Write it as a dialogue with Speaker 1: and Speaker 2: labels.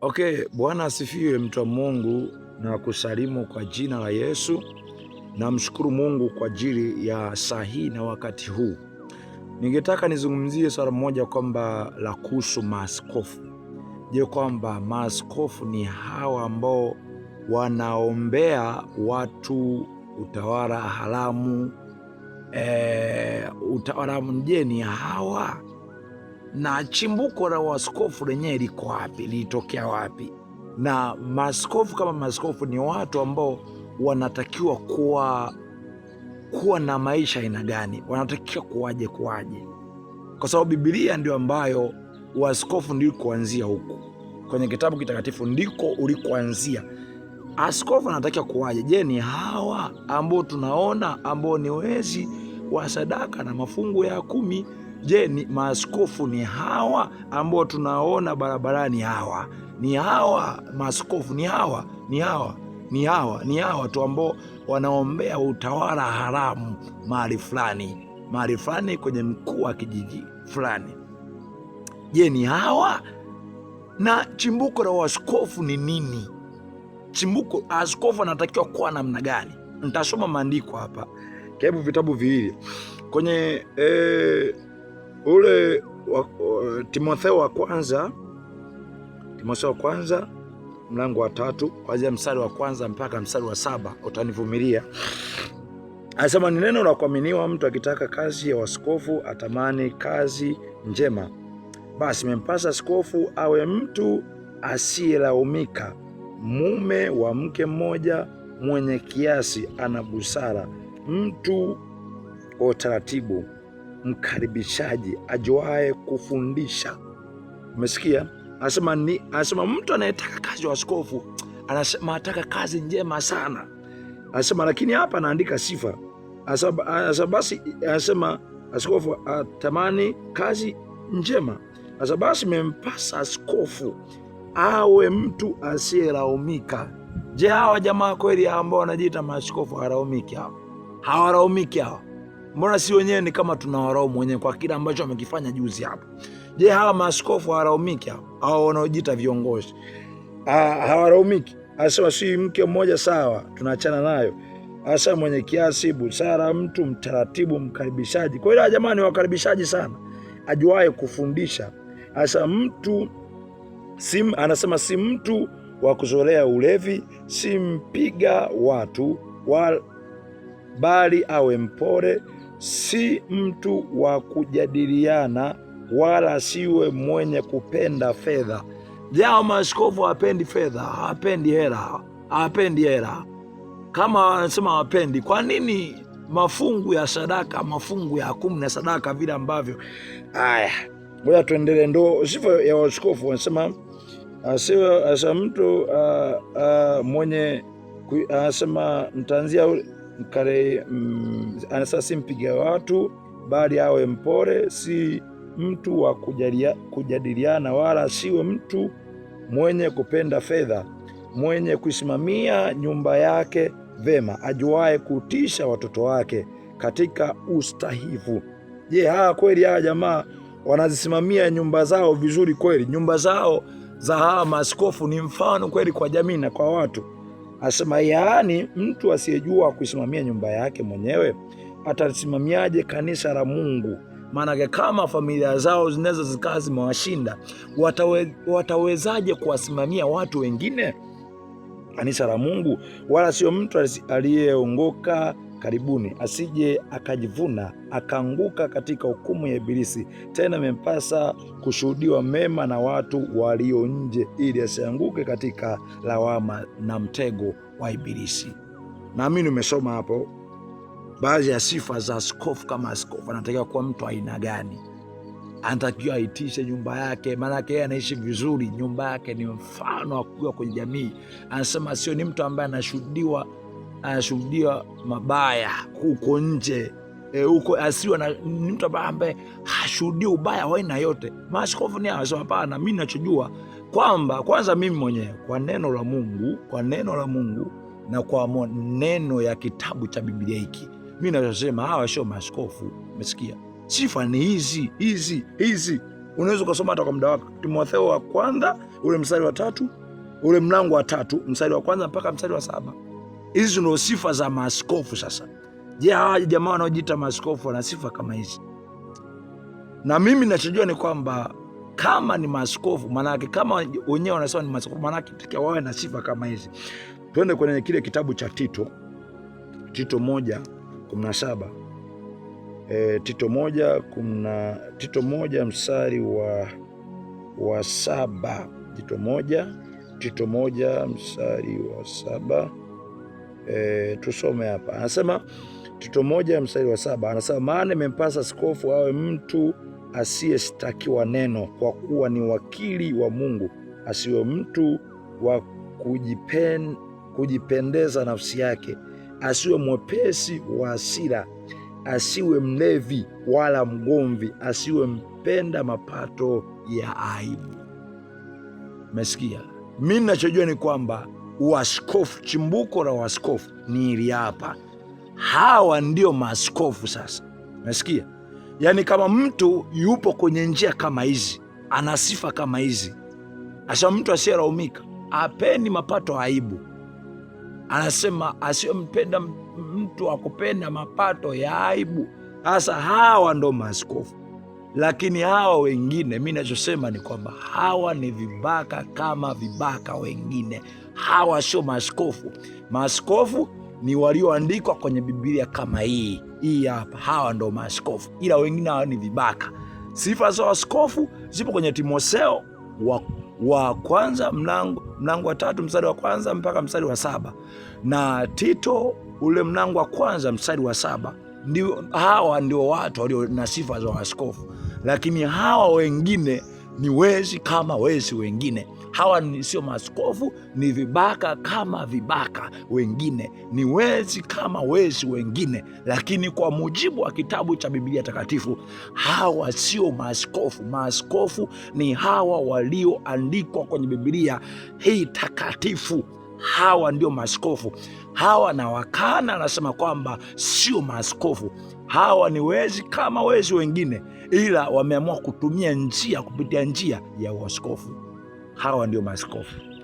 Speaker 1: Okay, Bwana asifiwe, mtu wa Mungu, na kusalimu kwa jina la Yesu. Namshukuru Mungu kwa ajili ya saa hii na wakati huu. Ningetaka nizungumzie swala moja kwamba la kuhusu maaskofu. Je, kwamba maaskofu ni hawa ambao wanaombea watu utawala haramu, e, utawala mjeni hawa na chimbuko la waskofu lenyewe liko wapi, lilitokea wapi. Na maskofu kama maskofu ni watu ambao wanatakiwa kuwa kuwa na maisha aina gani, wanatakiwa kuwaje kuwaje, kwa sababu Bibilia ndio ambayo waskofu ndio kuanzia huku kwenye kitabu kitakatifu ndiko ulikuanzia Askofu anatakiwa kuwaje? Je, ni hawa ambao tunaona ambao ni wezi wa sadaka na mafungu ya kumi Je, ni maaskofu ni hawa ambao tunaona barabarani? Hawa ni hawa maaskofu ni hawa ni hawa ni hawa ni hawa tu ambao wanaombea utawala haramu mahali fulani mahali fulani kwenye mkuu wa kijiji fulani. Je, ni hawa? Na chimbuko la waskofu ni nini? Chimbuko askofu anatakiwa kuwa namna gani? Nitasoma maandiko hapa, hebu vitabu viwili kwenye eh, ule wa, uh, Timotheo wa kwanza Timotheo wa kwanza mlango wa tatu kuanzia mstari wa kwanza mpaka mstari wa saba utanivumilia. Anasema ni neno la kuaminiwa, mtu akitaka kazi ya waskofu atamani kazi njema, basi mempasa askofu awe mtu asiyelaumika, mume wa mke mmoja, mwenye kiasi, ana busara, mtu wa utaratibu mkaribishaji ajuae kufundisha. Umesikia? Anasema ni anasema mtu anayetaka kazi ya askofu anasema ataka kazi njema sana, anasema lakini hapa anaandika sifa, anasema basi, anasema askofu atamani kazi njema, anasema basi mempasa askofu awe mtu asiyelaumika. Je, hawa jamaa kweli ambao wanajiita maaskofu hawalaumiki? Hawa hawalaumiki hawa Mbona si wenyewe ni kama tunawaraumu wenyewe kwa kile ambacho wamekifanya juzi hapo? Je, hawa maaskofu hawaraumiki hao Hawa wanaojiita viongozi hawaraumiki? Anasema si mke mmoja sawa, tunaachana nayo. Anasema mwenye kiasi, busara, mtu mtaratibu, mkaribishaji. Kwa hiyo jamani, wakaribishaji sana, ajuaye kufundisha. Anasema mtu sim, anasema si mtu wa kuzolea ulevi, si mpiga watu wa, bali awe mpole si mtu wa kujadiliana, wala siwe mwenye kupenda fedha. Jao maaskofu hapendi fedha, hapendi hela, hapendi hela. Kama wanasema wapendi kwa nini mafungu ya sadaka, mafungu ya kumi na sadaka vile ambavyo? Aya, ngoja tuendele Ndo sifa ya waskofu, wanasema asiwe asa mtu a, a, mwenye anasema mtanzia Mkare mm, anasema si mpiga watu, bali awe mpore, si mtu wa kujadiliana, wala siwe mtu mwenye kupenda fedha, mwenye kuisimamia nyumba yake vema, ajuae kutisha watoto wake katika ustahivu. Je, haya kweli, haya jamaa wanazisimamia nyumba zao vizuri kweli? Nyumba zao za hawa maaskofu ni mfano kweli kwa jamii na kwa watu. Asema yaani, mtu asiyejua kuisimamia nyumba yake mwenyewe atasimamiaje kanisa la Mungu? Maanake kama familia zao zinaweza zikaa zimewashinda, watawe, watawezaje kuwasimamia watu wengine? Kanisa la Mungu wala sio mtu aliyeongoka karibuni, asije akajivuna akaanguka katika hukumu ya Ibilisi. Tena imempasa kushuhudiwa mema na watu walio nje, ili asianguke katika lawama na mtego wa Ibilisi. Naamini umesoma hapo baadhi ya sifa za askofu. Kama askofu anatakiwa kuwa mtu aina gani? Anatakiwa aitishe nyumba yake, maanake yeye anaishi vizuri. Nyumba yake ni mfano wa kuwa kwenye jamii. Anasema sio ni mtu ambaye anashuhudiwa anashuhudia mabaya huko nje e, huko e, asiwa na ni mtu ambaye hashuhudia ubaya wa aina yote. Maaskofu ni anasema hapana, mi nachojua kwamba kwanza mimi mwenyewe kwa neno la Mungu, kwa neno la Mungu na kwa neno ya kitabu cha Biblia hiki mi nachosema, hawa sio maaskofu. Umesikia, sifa ni hizi hizi hizi. Unaweza ukasoma hata kwa muda wako, Timotheo wa kwanza ule mstari wa tatu ule mlango wa tatu mstari wa kwanza mpaka mstari wa saba hizi ndio sifa za maaskofu. Sasa je, hawa jamaa wanaojiita maaskofu wana sifa kama hizi? Na mimi nachojua ni kwamba kama ni maaskofu, maanake kama wenyewe wanasema ni maaskofu, maanake takiwa wawe na sifa kama hizi. Twende kwenye kile kitabu cha Tito, Tito moja kumi na saba e, Tito moja kumna, Tito moja mstari wa, wa saba Tito moja Tito moja mstari wa saba e, tusome hapa, anasema Tito moja mstari wa saba anasema maana imempasa askofu awe mtu asiyestakiwa neno, kwa kuwa ni wakili wa Mungu, asiwe mtu wa kujipen, kujipendeza nafsi yake, asiwe mwepesi wa hasira, asiwe mlevi wala mgomvi, asiwe mpenda mapato ya aibu. mesikia Mi nachojua ni kwamba waskofu chimbuko la waskofu ni ili hapa. Hawa ndio maskofu sasa, nasikia yaani, kama mtu yupo kwenye njia kama hizi, ana sifa kama hizi, asa mtu asiyelaumika, apendi mapato aibu. Anasema asiyempenda mtu akupenda mapato ya aibu. Sasa hawa ndo maskofu lakini hawa wengine, mi nachosema ni kwamba hawa ni vibaka kama vibaka wengine hawa sio maaskofu. Maaskofu ni walioandikwa kwenye Biblia kama hii hii hapa, hawa ndo maaskofu, ila wengine hawa ni vibaka. Sifa za waskofu zipo kwenye Timotheo wa, wa kwanza mlango mlango wa tatu mstari wa kwanza mpaka mstari wa saba na Tito ule mlango wa kwanza mstari wa saba ndio, hawa ndio watu walio na sifa za waskofu lakini hawa wengine ni wezi kama wezi wengine hawa ni sio maskofu ni vibaka kama vibaka wengine, ni wezi kama wezi wengine. Lakini kwa mujibu wa kitabu cha Biblia Takatifu, hawa sio maskofu maskofu ni hawa walioandikwa kwenye Biblia hii takatifu hawa ndio maskofu Hawa na wakana anasema kwamba sio maskofu hawa ni wezi kama wezi wengine, ila wameamua kutumia njia kupitia njia ya uaskofu hawa ndio maaskofu.